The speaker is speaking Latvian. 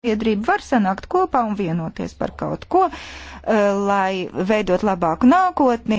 sabiedrība var sanākt kopā un vienoties par kaut ko, eh, lai veidot labāku nākotni